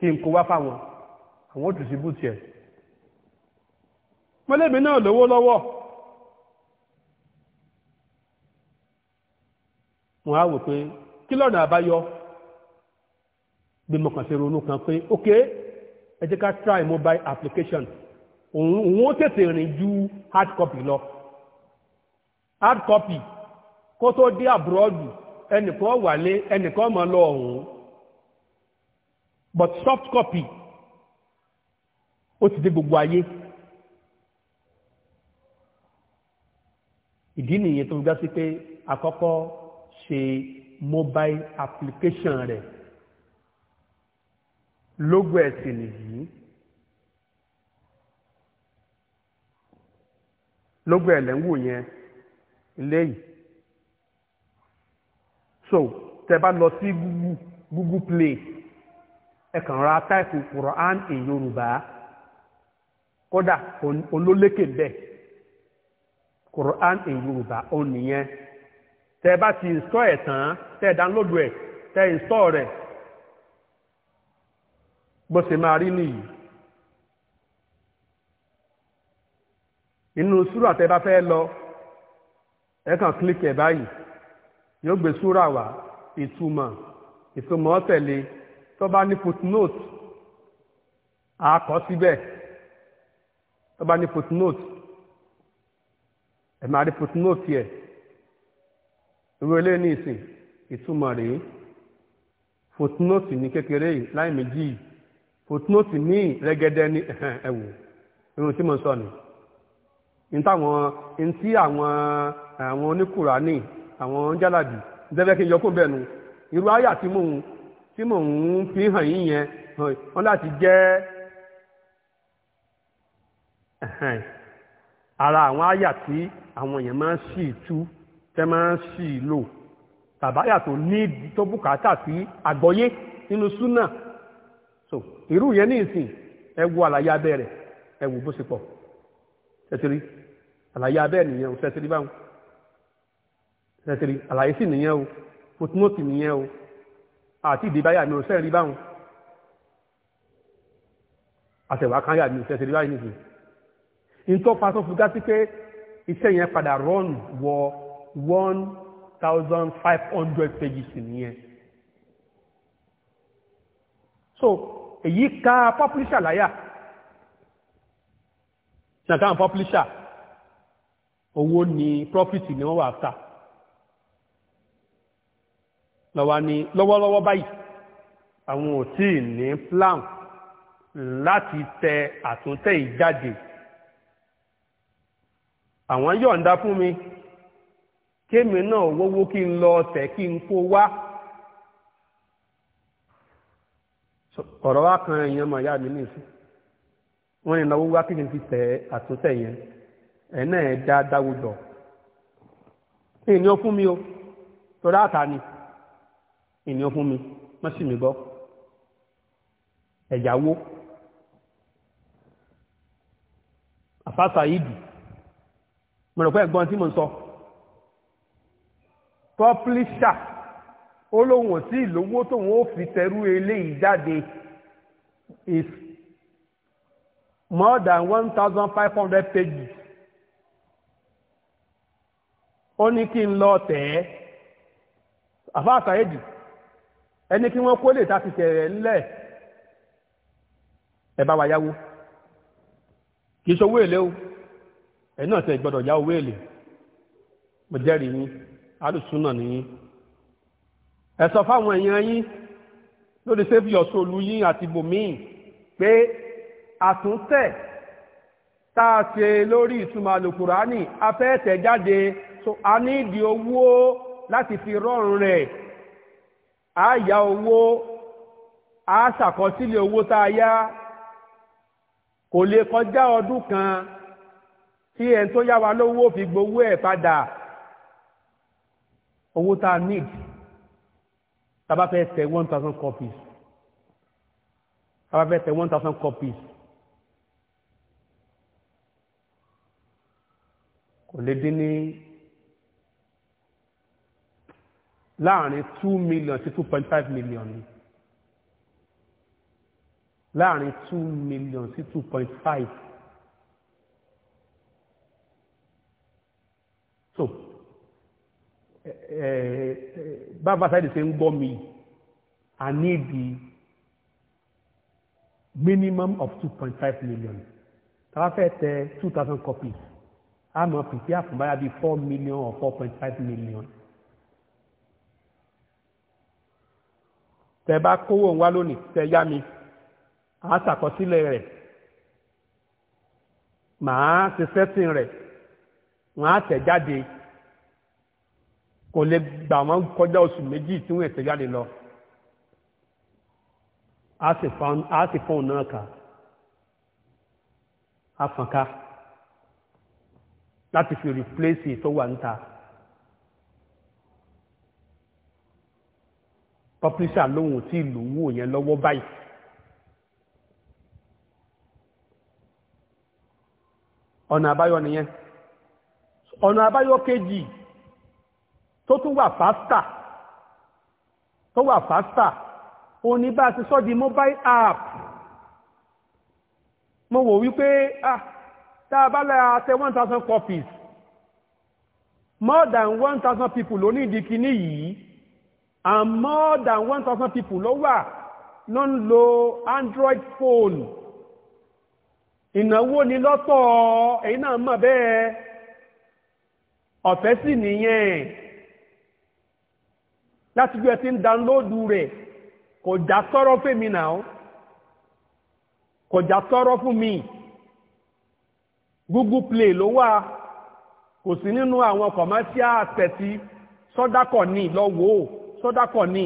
kí n kó wá fáwọn àwọn òtù sí bùtì ẹ̀ mọ́lẹ́bí náà lówó lọ́wọ́ wọ́n á wò pé kí lọ́nà àbáyọ bí mọ̀kàn sí ronú kan pé ok ẹ jẹ́ try mobile application òun ó tètè rìn ju hard copy lọ hard copy kó tó dé àbúrọ́dù ẹnìkan wálé ẹnìkan mọ̀ lọ ọ̀hún but soft copy ó ti dé gbogbo ayé ìdí nìyẹn tó ń gbá sí pé àkọ́kọ́ ṣe mobile application rẹ̀ lógo ẹ̀sìn nìyí lógo ẹ̀lẹ́ yẹn léyìí so tẹ bá lọ sí google play ẹ̀kàn ra táìpù Quran in Yorùbá kódà olólékè bẹ́ẹ̀ Quran in Yorùbá ó nìyẹn tẹ bá ti install ẹ̀ tán tẹ download ẹ̀ tẹ install rẹ̀ bó ṣe máa rí nìyí inú súrà tẹ bá fẹ́ lọ ẹ kàn kílíkì ẹ̀ báyìí yóò gbé súrà wá ìtumọ̀ ìtumọ̀ tẹ̀lé tó bá ní footnote a kọ síbẹ̀ tó bá ní footnote ẹ máa rí footnote yẹ irú eléyìí ní ìsìn ìtumọ̀ rèé footnote ní kékeré yìí láì méjì footnote ní rẹ́gẹ́dẹ́ ní ẹ̀wò irun tí mo sọ ni ní táwọn ní tí àwọn àwọn oníkùrà ní àwọn jálàbì ń tẹ́fẹ́ kí n yọkùn bẹ́ẹ̀ nu irú àyà tí mò ń tí mò ń fi hàn yín yẹn wọ́n láti jẹ́ ara àwọn àyà tí àwọn èèyàn máa ń sì tú tẹ́ máa ń sì lò tàbáyà tó ní tó bùkátà sí àgbọ́yé nínú súnà so irú yẹn ní ìsìn ẹ wo àlàyé abẹ́ rẹ̀ ẹ wò bó ṣe pọ̀ tẹ́tìrí àlàyé abẹ́ nìyẹn o tẹ́tìrí báwọn tẹ́tìrí àlàyé sì nìyẹn o footnote nìyẹn o àti ìdìbáyà mi ò sẹ́ rí báhùn àtẹ̀wà kan yà mi ò sẹ́ rí báyìí nìsín ìtọ́ pàtó fún gásí pé iṣẹ́ yẹn padà run wọ one thousand five hundred pages nìyẹn so èyí ká publisher láyà ṣàtàn publisher owó ni profit ni wọ́n wà ta lọ́wọ́ ní lọ́wọ́lọ́wọ́ báyìí àwọn ò tí ní plan láti tẹ àtúntẹ̀ ìjáde àwọn yọ̀ǹda fún mi kémi náà wọ́wọ́ kí n lọ tẹ̀ kí n kó wá ọ̀rọ̀ kan èèyàn mọ̀ ya mi nìsí wọ́n ní ìnáwó wá kí n fi yẹn ẹ̀ náà ẹ̀ ènìyàn fún mi má sì mí gbọ́ ẹ̀yàwó àfáàsà ìdù mọ̀rọ̀pẹ́ ẹ̀gbọ́n tí mo ń sọ pọ́plíṣà ó lóun ò sí ìlówó tóun ó fi tẹrú eléyìí jáde is more than one thousand five hundred pages ó ní kí n lọ tẹ̀ ẹ́ àfáàsà ìdù ẹni kí wọ́n kó lè ta fi tẹ̀rẹ̀ ńlẹ̀ ẹ bá wa yáwó kì í ṣe owó èlé o ẹ̀yin náà tẹ̀ gbọ́dọ̀ yá owó èlé mo jẹ́rìí yín alùsùnà nìyí ẹ sọ fáwọn èèyàn yín lórí sẹ́fì ọ̀ṣọ́lù yín àti bòmíì pé àtúntẹ̀ tá a ṣe lórí ìtumọ̀ àlùkùránì afẹ́ẹ̀tẹ̀ jáde so a ní ìdí owó láti fi rọrùn rẹ̀ a yá owó a ṣàkọsílẹ̀ owó tá a yá kò lè kọjá ọdún kan tí ẹni tó yá wa lówó fi gbowó ẹ̀ padà owó tá a need tá fẹ́ tẹ one thousand copies tá a bá fẹ́ tẹ one thousand copies kò lè dín ní. láàrin two million sí two point five million ni láàrin two million sí two point five so bàbá sáyidì ṣe ń gbọ́ mi i need the minimum of two point five million tàbá fẹ́ tẹ two thousand copies àmọ́ pìpì àfúnbáyà bíi four million or four point five million. tẹ bá kówó wá lónìí tẹ yá mi á ṣàkọsílẹ̀ rẹ̀ màá ṣe sẹ́sìn rẹ̀ wọ́n á tẹ̀ jáde kò lè gbà wọ́n kọjá oṣù méjì tí wọ́n tẹ̀ jáde lọ á sì fọ́n náà kà á fọ́n ká láti fi rìpléṣì tó wà níta. pọpíṣà lóhùn tí ìlú wò yẹn lọ́wọ́ báyìí. ọ̀nà àbáyọ nìyẹn ọ̀nà àbáyọ kejì tó tún wà fásità tó wà fásità òun ni bá a ti sọ di mobile app mo wò wípé ah tá a bá lẹ́yà tẹ one thousand copies more than one thousand people ló ní ìdí kíní yìí and more than 1000 people ló wà ló android phone ìnáwó ni lọ́tọ̀ ẹ̀yin náà mọ̀ bẹ́ẹ̀ ọ̀fẹ́ sì nìyẹn láti gbé ẹtí ń rẹ̀ kò já sọ́rọ́ fèmí náà kò fún mi google play ló wà kò sí nínú àwọn commercial asset sọ́dákọ̀ ní lọ́wọ́ sọ́dákọ̀ ní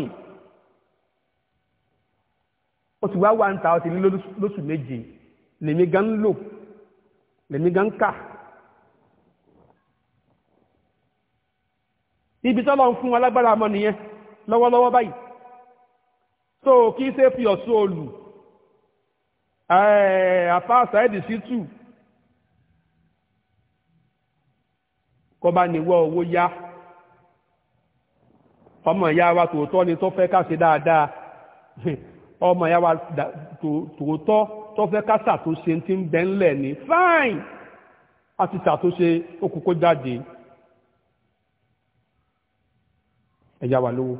oṣù wá wà ń ta ọtí lóṣù méje lèmi gan lò lèmi gan kà ibi tọ́lọ̀ ń fún alágbára ọmọ nìyẹn lọ́wọ́lọ́wọ́ báyìí so kí ṣe fi ọ̀ṣọ́ olù àfa ṣáìdì sí tù kọba níwọ̀ owó yá ọmọ ìyá wa tòótọ́ ni tó fẹ́ ká ṣe dáadáa ọmọ ìyá wa tòótọ́ tó fẹ́ ká ṣàtúnṣe ti ń bẹ ńlẹ̀ ní fáìn a ti ṣàtúnṣe okùnkó jáde ẹ̀yà wà lówó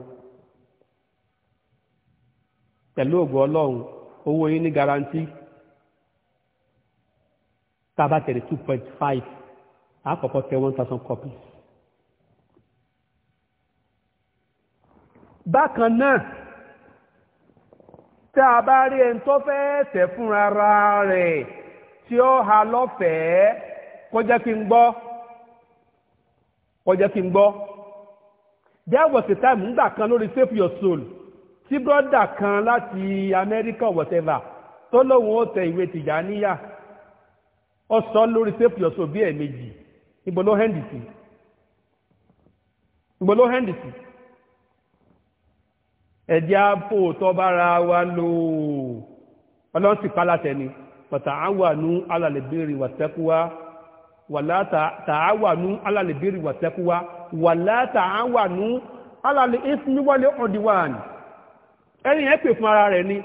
pẹ̀lú ògùn ọlọ́run owó yín ní garanti tá a bá tẹ̀lé two point five àkọ́kọ́ tẹ one thousand copies. bákan náà tá a bá rí ẹni tó fẹ́ tẹ̀ fúnra rẹ̀ tí ó ha lọ́fẹ̀ẹ́ kọjá kí n gbọ́ kọjá kí n gbọ́ there was a time ńgbà kan lórí save your soul tí broda kan láti America whatever tó lóun ó tẹ ìwé tìjàníyà ó sọ lórí save your soul bí ẹ̀ẹ̀mejì ìbò ló hẹ́ndì sí ìbò ló hẹ́ndì sí. ẹ̀jẹ̀ àpò tọ́ wa lò ọlọ́run sì pa ni pàtàwánú alàlẹ̀bẹ̀rẹ̀ wàtẹ́kúwá wàlátàwánú alàlẹ̀bẹ̀rẹ̀ wàtẹ́kúwá wàlátàwánú alàlẹ̀ ìsinúwọlé ọdíwàn ẹni ẹ pè fún ara rẹ̀ ni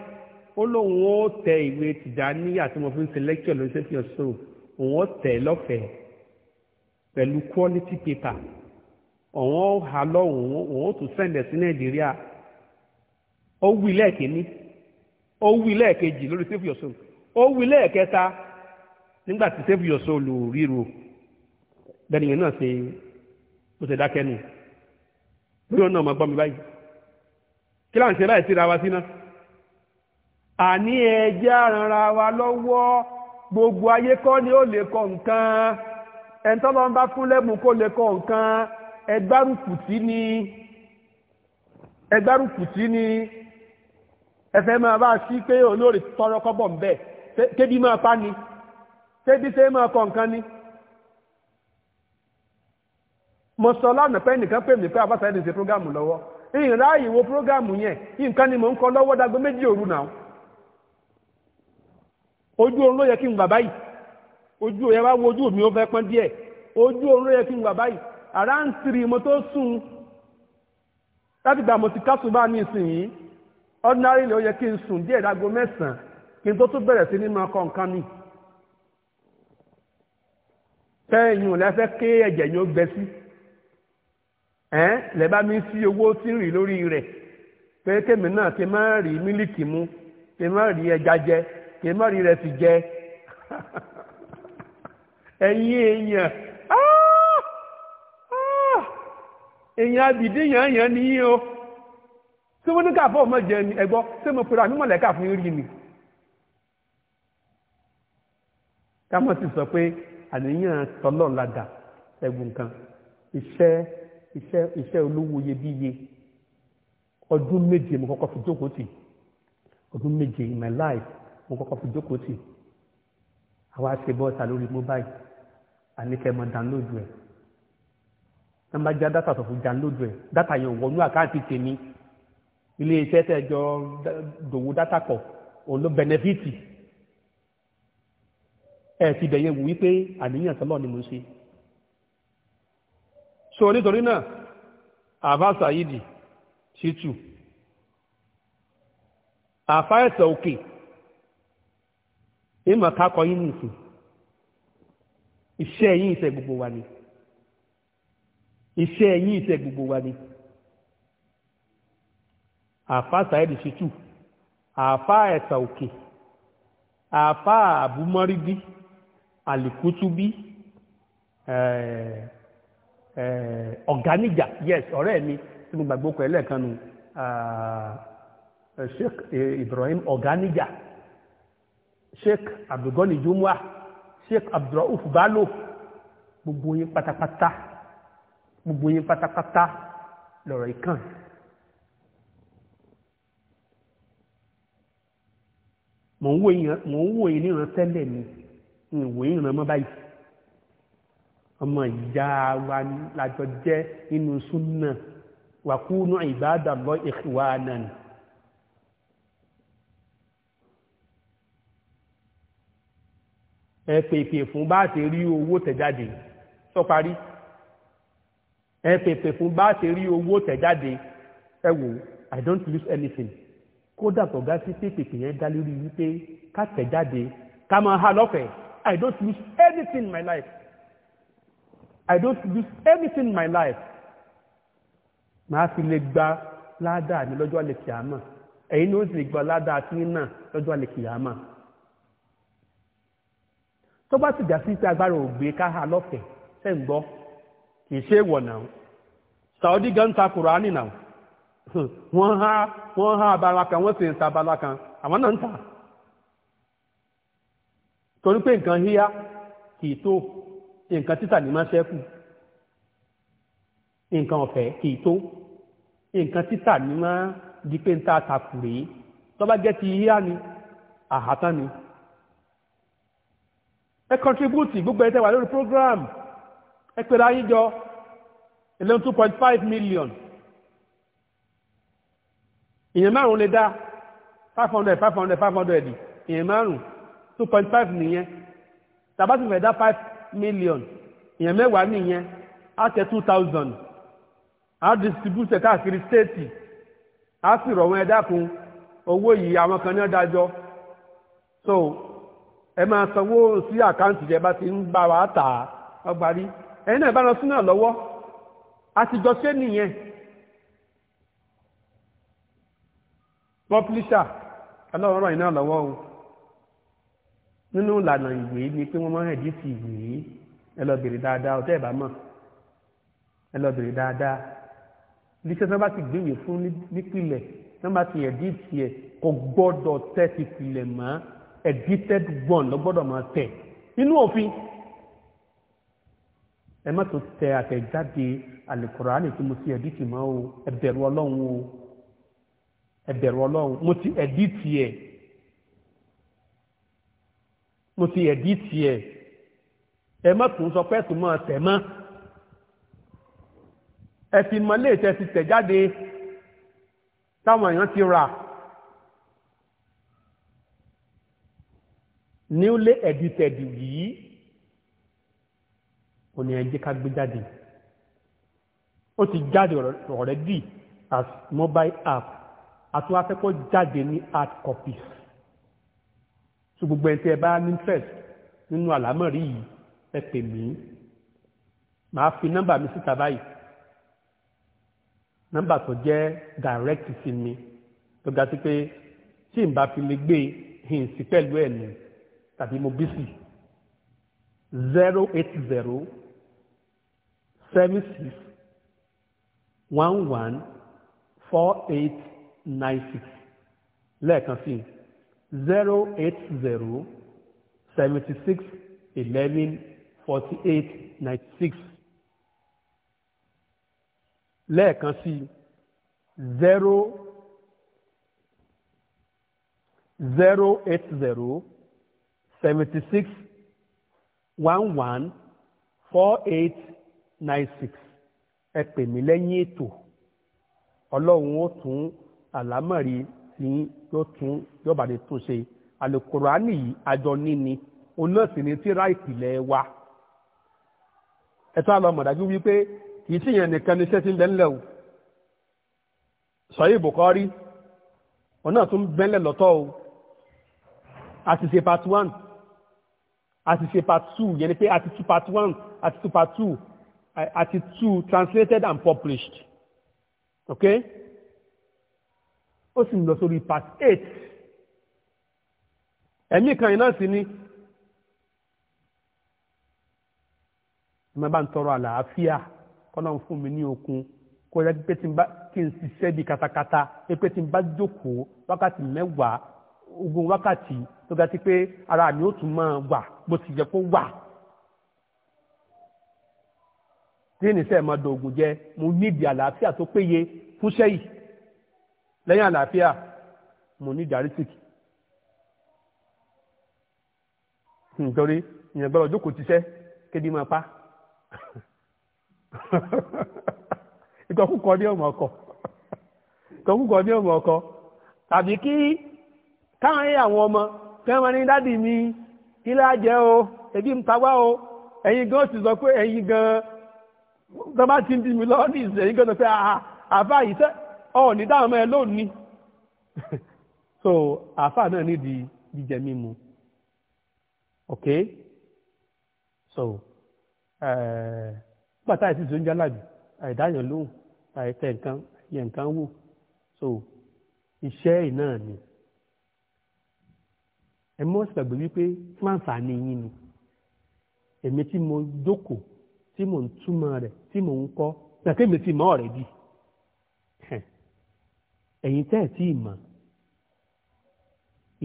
ó lóun wà tẹ ìwé Tìjàníyà tí tẹ ó wí lẹ́ẹ̀kínní ó wí lẹ́ẹ̀kejì lórí save your soul ó wí lẹ́ẹ̀kẹta nígbà tí save your soul ríro bẹ́ẹ̀nìyàn náà ṣe ó ṣe dákẹ́ nù bí wọn náà máa gbọ́ mi báyìí kí láǹṣe láì síra wa síná àní ẹjẹ́ àrànra wa lọ́wọ́ gbogbo ayé kọ́ ni ó lè kọ nǹkan ẹ̀ńtọ́lọ́ ń bá fún lẹ́bùn kó lè kọ nǹkan ẹgbárùkù ni ẹgbárùkù ni. ẹfẹ́ máa bá sí pé tọrọ kọ́bọ̀ ń bẹ̀ tébí máa ni tébí tẹ́ máa kọ nǹkan ni. mo sọ lánàá pé nìkan pè mí pé abáṣá ẹni prógámù lọ́wọ́ ìráàyè wo prógámù yẹn nǹkan ni mo ń kọ lọ́wọ́ méjì òru ojú yẹ kí n gbà báyìí ojú òyà wá wo ojú mi ó fẹ́ pọ́n díẹ̀ ojú oorun yẹ kí n gbà ordinary ló yẹ kí n sùn díẹ̀ dágo mẹ́sàn-án kí n tó tó bẹ̀rẹ̀ sí ní máa kọ nǹkan mi tẹ́yìn lẹ́fẹ́ ẹ̀jẹ̀ yóò gbẹ sí ẹ́ lẹ́bá mi sí owó tí ń rì lórí rẹ̀ pé kémi náà kí n rí mu kí n rí ẹja jẹ kí n o. tí wọ́n ní káfọ́ ọmọ jẹ ni ẹgbọ́ tí mo pèrò àmúmọ̀lẹ́kà fún rí ni kámọ́ ti sọ pé àníyàn tọ́lọ̀ ládà ẹgbùn kan iṣẹ́ iṣẹ́ iṣẹ́ olówó iyebíye ọdún méje mo kọ́kọ́ fi jókòó tì ọdún méje in my life mo kọ́kọ́ fi jókòó tì àwa ṣe bọ́ọ̀tà lórí mobile àníkẹ́ mọ́ download rẹ̀ nọ́mbà já dátà tó fi download rẹ̀ dátà yẹn wọnú àkáǹtì tèmi ilé iṣẹ́ tẹ̀jọ dòwò dátà pọ̀ òun ló bẹnẹfíìtì ẹ ti bẹ̀yẹ̀ wù wípé àníyàn tọ́lọ̀ ni mo ṣe so nítorí náà àbá sàyídì títù àfá ẹ̀sẹ̀ òkè ìmọ̀ kákọ yín nìsín iṣẹ́ yín iṣẹ́ gbogbo wa ni iṣẹ́ yín iṣẹ́ gbogbo wa ni àfa saheed shitu àfa ẹ̀sà òkè àfa àbúmọ́rídì àlìkútúbí ọ̀gáníjà yes ọ̀rẹ́ mi tí mo gbàgbọ́ pẹ̀lú ẹ̀kan nu eh, sheikh ibrahim ọ̀gáníjà sheikh abdulgani jumwa sheikh abdulrauf balo gbogbo yín pátápátá gbogbo yín pátápátá lọ̀rọ̀ ìkànnì. mò ń wò yín níran tẹ́lẹ̀ ni ń wò yín níran mọ́ báyìí ọmọ ìyá wa lájọ jẹ́ nínú súnà wàkúnú ibadallahi ikhwanan ẹ pèpè fún bá ti rí owó tẹ̀jáde sọ parí ẹ pèpè fún bá ti rí owó tẹ̀jáde ẹ wò i don't lose anything. kódà tọ̀gá sí pépèpè yẹn dá lórí wípé ká tẹ̀jáde ká máa ha lọ́fẹ̀ẹ́ I don't lose anything in my life I don't lose anything in my life màá fi lè gba ládàá ní lọ́jọ́ àlè kìámà ẹ̀yin ní ó sì lè gba ládàá sí náà lọ́jọ́ àlè kìámà tó bá sì já sí pé agbára ògbé ká ha lọ́fẹ̀ẹ́ ṣe ń gbọ́ kì í ṣe é wọ̀ náà Saudi gan ta Kùránì náà. wọ́n ha wọ́n ha abala kan wọ́n sì ń ta abala kan àwọn náà ń tà torí pé nǹkan híyá kì í tó nǹkan títà ní máa ṣẹ́kù nǹkan ọ̀fẹ́ kì í tó nǹkan títà ní máa di pé ń ta àtàkù rèé tó bá jẹ́ ti híyá ni àhátán ni ẹ kọntribútì gbogbo ẹ̀ tẹ́wà lórí program ẹ pèrè ayíjọ eleven two point five million ìyẹn márùn lè dá 500 500 500 ìyẹn márùn 2.5 nìyẹn tàbátì fẹ́ dá 5 million ìyẹn mẹ́wàá nìyẹn á tẹ 2000 á distribute káàkiri stéètì á sì rọ̀ wọn ẹ dákun owó yìí àwọn kan náà dájọ́ so ẹ máa sanwó sí àkáǹtì ìjẹba tí ń bá wa tà ọgbà rí ẹ̀yin náà ìbára sínú ẹ̀ lọ́wọ́ àtijọ́ ṣé nìyẹn pọ́pílíṣà aláwọ̀rọ̀ iná lọ́wọ́ o nínú ìlànà ìwé ni pé wọ́n máa ń ẹ̀dí sí ìwé ẹ lọ bèrè dáadáa ọ̀tẹ́ ìbá mọ̀ ẹ lọ bèrè dáadáa iléeṣẹ́ tí wọ́n bá ti gbéwèé fún nípìnlẹ̀ tí wọ́n bá ti ẹ̀dí tiẹ̀ kò gbọ́dọ̀ tẹ́ ti pìlẹ̀ mọ́ edited one ló gbọ́dọ̀ máa tẹ̀ inú òfin ẹ má tó tẹ àtẹ̀jáde àlùkùránì tí mo ti ẹ̀dí tì mọ́ o ẹ bẹ̀rù ọlọ́run o ẹ̀bẹ̀rù ọlọ́run mo ti ẹ̀dí tiẹ̀ mo ti ẹ̀dí tiẹ̀ ẹ má tún sọ pé ẹ̀tún mọ́ tẹ̀ mọ́ ẹ ti mọ ilé ìtẹ́ ti tẹ̀ jáde táwọn èèyàn ti rà newly edited yìí ò ní ẹ ká gbé jáde ó ti jáde already as mobile app àti wá fẹ́ kó jáde ní hard copies so gbogbo ẹni tí ẹ bá ní interest nínú àlámọ̀rí yìí ẹ pè mí màá fi nọ́mbà mi síta báyìí nọ́mbà tó jẹ́ direct sí mi tó ga sí pé tí n bá fi lè gbé hìn sí pẹ̀lú ẹ̀ nù tàbí mo bísí zero eight zero seven six one one four eight nine six lẹ́ẹ̀kan sí zero eight zero seventy six eleven forty eight ninety six lẹ́ẹ̀kan sí zero zero eight zero seventy six one one four eight nine six ẹ pè mí lẹ́yìn ètò ọlọ́run ó tún àlámọ̀rí ni yóò tún yọba ní túnṣe alukurani yìí àjọ níní onọ́ọ̀sì ní tíra ìpìlẹ̀ wa ẹ̀tọ́ àlọ́ mọ̀dájú wípé kì í síyàn nìkan ní iṣẹ́ tí ń bẹ o sọ̀yìn bùkọ́rí ọ̀nà tún bẹ́ńlẹ̀ lọ́tọ̀ o a ṣe part one a ti ṣe part two yẹn ni pé a ti part one a ti tú part two a ti translated and published okay ó sì ń lọ sórí part eight ẹ̀mí kan iná sí ni mo bá ń tọrọ àlàáfíà kọ́nà fún mi ní okun kó yẹ pé tí n bá kí n ṣiṣẹ́ di katakata pé tí n bá jókòó wákàtí mẹ́wàá ogún wákàtí tó ga sí pé ara mi ó tún máa wà bó ti yẹ kó wà. tí ènìṣẹ́ máa dògùn jẹ mo nídìí àlàáfíà tó péye fúnṣẹ́ yìí. lẹ́yìn àlàáfíà mo ní dialytic nítorí ìyẹn gbọ́dọ̀ jókòó ṣẹ́ kéde máa pa ìkọkúkọ ní ọmọ ọkọ ìkọkúkọ ní ọmọ tàbí kí káwọn àwọn ọmọ kí wọn ní dádì mi kí o ebi ń o ẹ̀yin gan sì sọ ọ ní dáhùn mọ́ ẹ lónìí so àáfà náà di jíjẹ mímu ok so pàtà àìsí tó ń jálàjù àìdáyàn lóhùn àìtẹ nǹkan yẹ nǹkan wò so iṣẹ́ yìí náà ni ẹ mọ́ sì gbàgbé wípé fúnfààní yín ni èmi tí mo jókòó tí mò ń túmọ̀ rẹ̀ tí mò ń kọ́ gbàgbé mi ti mọ́ ọ̀rẹ́ bíi ẹ̀yin tẹ́ ẹ̀ tí ì mọ̀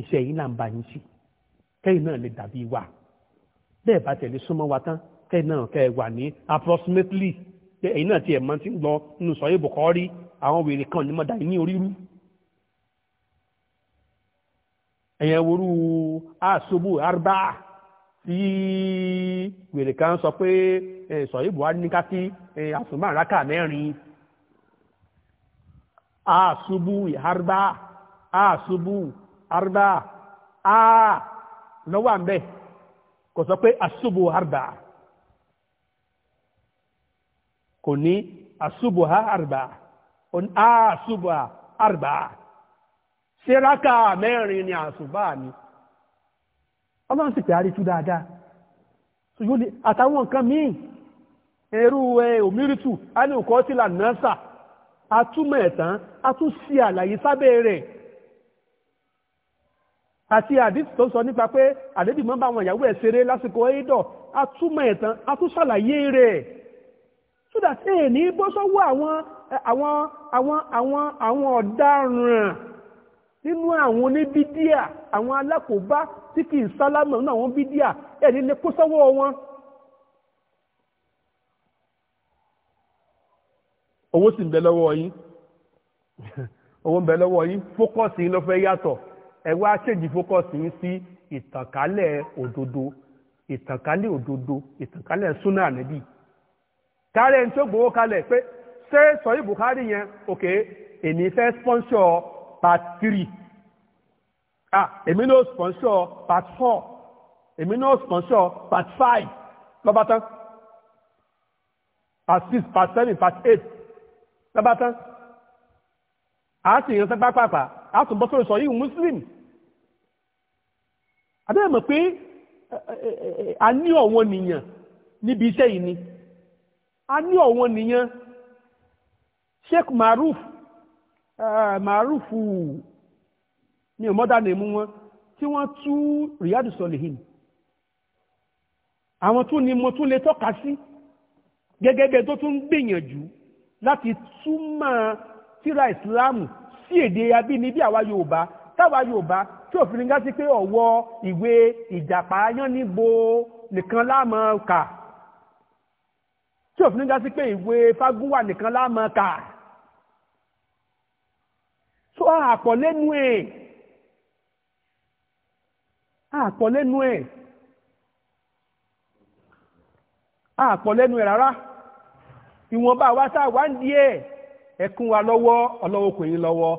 iṣẹ́ yìí là ń bá yín sí kẹ́yìn náà lè dàbí wa bẹ́ẹ̀ bá tẹ̀lé súnmọ́ wa tán kẹ́yìn náà kẹ́ ẹ wà ní approximately ẹ̀yin náà tiẹ̀ máa ti ń lọ nínú sọ̀rọ̀ ìbùkọ́ rí àwọn wèrè kan ní mọ́dà yìí ní orírú ẹ̀yẹn worú àṣubú arba tí wèrè kan sọ pé sọ̀rọ̀ ìbùkọ́ ní ká sí àràkà mẹ́rin. asubuhi arba asubu arba a lọ́wọ́ à ń bẹ̀ kò sọ pé asubu arba kò ní asubu ha a asubu ha arba síraka mẹ́rin ni àsùbá ni ọlọ́run sì pè àrítú dáadáa àtàwọn nǹkan míì ẹrú ẹ òmírìtù a ní òkọ́ sílà nọ́sà atúmọ̀ ẹ̀tàn a tún ṣe àlàyé sábẹ́ rẹ̀ àti àdìsí tó sọ nípa pé àdébì mọ́ bá àwọn ìyàwó ẹ̀ ṣeré lásìkò ẹ̀dọ̀ atúmọ̀ ẹ̀tàn a tún ṣàlàyé rẹ̀ so that ẹ̀ ní bọ́ sọ́wọ́ àwọn àwọn àwọn àwọn àwọn ọ̀daràn nínú àwọn oníbídíà àwọn alákòóbá tí kì í sálámọ̀ nínú àwọn bídíà ẹ̀ ní lè kó sọ́wọ́ wọn. owó sì ń bẹ lọ́wọ́ yín owó ń bẹ lọ́wọ́ yín fókọ́sì yín ló fẹ́ yàtọ̀ ẹ wá ṣèjì fókọ́sì yín sí ìtànkálẹ̀ òdodo ìtànkálẹ̀ òdodo ìtànkálẹ̀ súnà ànábì kárẹ̀ ń tó gbowó kalẹ̀ pé ṣé sọ̀rí Buhari yẹn òkè èmi fẹ́ sponsor part three ah èmi náà sponsor part four èmi náà sponsor part five lọ́ba tán part six part seven part eight bàbá tán a sì yàn sẹ́pá pàpà a tún bọ́ sórí sọ yìí muslim abẹ́rẹ́ mọ̀ pé a ní ọ̀wọ́n nìyàn níbi iṣẹ́ yìí ni a ní ọ̀wọ́n nìyàn Sheikh Maruf Marufu ni ọmọdá nìmú wọn tí wọ́n tú Riyadu Solihin àwọn tún ni mo tún lè tọ́ka sí gẹ́gẹ́ bẹ́ẹ̀ tó tún gbìyànjú láti túmọ̀ tíra ìsìláàmù sí èdè abínibí àwa Yorùbá táwa Yorùbá tí òfin ní gásí pé ọ̀wọ́ ìwé ìjàpá yán níbo nìkan láàmọ́ kà tí òfin ní gásí pé ìwé fagúnwà nìkan láàmọ́ kà tó àpọ̀ lẹ́nu ẹ̀ àpọ̀ lẹ́nu ẹ̀ àpọ̀ lẹ́nu ẹ̀ rárá ìwọ̀nba wa tá a wá ń di ẹ̀ ẹ̀kún wa lọ́wọ́ ọlọ́wọ́ kò yín lọ́wọ́